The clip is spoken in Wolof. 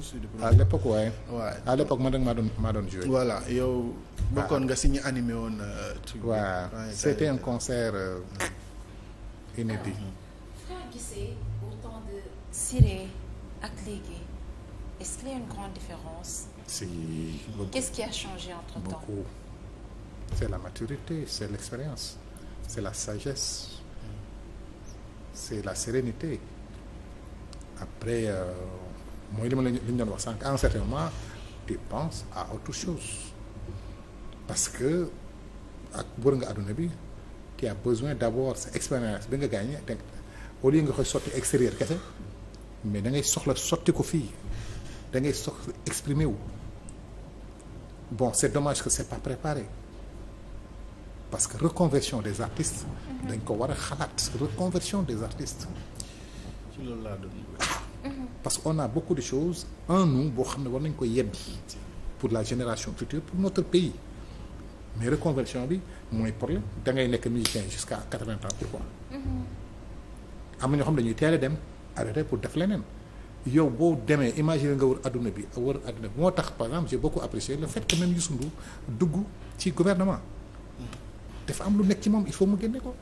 je l'époque waaye. à l'époque man rek maa doon maa doon joué. voilà yow. nga si ñu animé woon. Euh, truc waaw c'était un concert euh, inédit. Mm-hmm. gisee au temps est-ce qu'il y a changé entre-temps. c'est la maturité c'est l'expérience c'est la sagesse mm. c'est la sérénité après. Euh, mooy li ma la li ñu doon wax sànq en certain moment tu penses à autre chose parce que ak wër nga àdduna bi tu as besoin d'abord sa expérience bi nga gagné te au lieu nga koy sotti extérieur kese mais da ngay soxla sotti ko fii da ngay soxla exprimer wu bon c'est dommage que c'est pas préparé parce que reconversion des artistes mhm. dañ ko war a xalaat reconversion des artistes ci loolu laa doon Mm-hmm. parce que on a beaucoup de choses en nous boo xam ne war nañ ko yebbi pour la génération future pour notre pays mais reconversion bi mooy problème da ngay nekk musicien jusqu'à quatre-vingts ans pourquoi mm-hmm. am na ñoo xam ne ñuy teel a dem arrêté pour def leneen yow boo demee imaginer nga wër adduna bi wër adduna bi moo tax par exemple j'ai beaucoup apprécié le fait que même Youssou Ndour dugg ci gouvernement mm-hmm. dafa am lu nekk ci moom il faut mu génne ko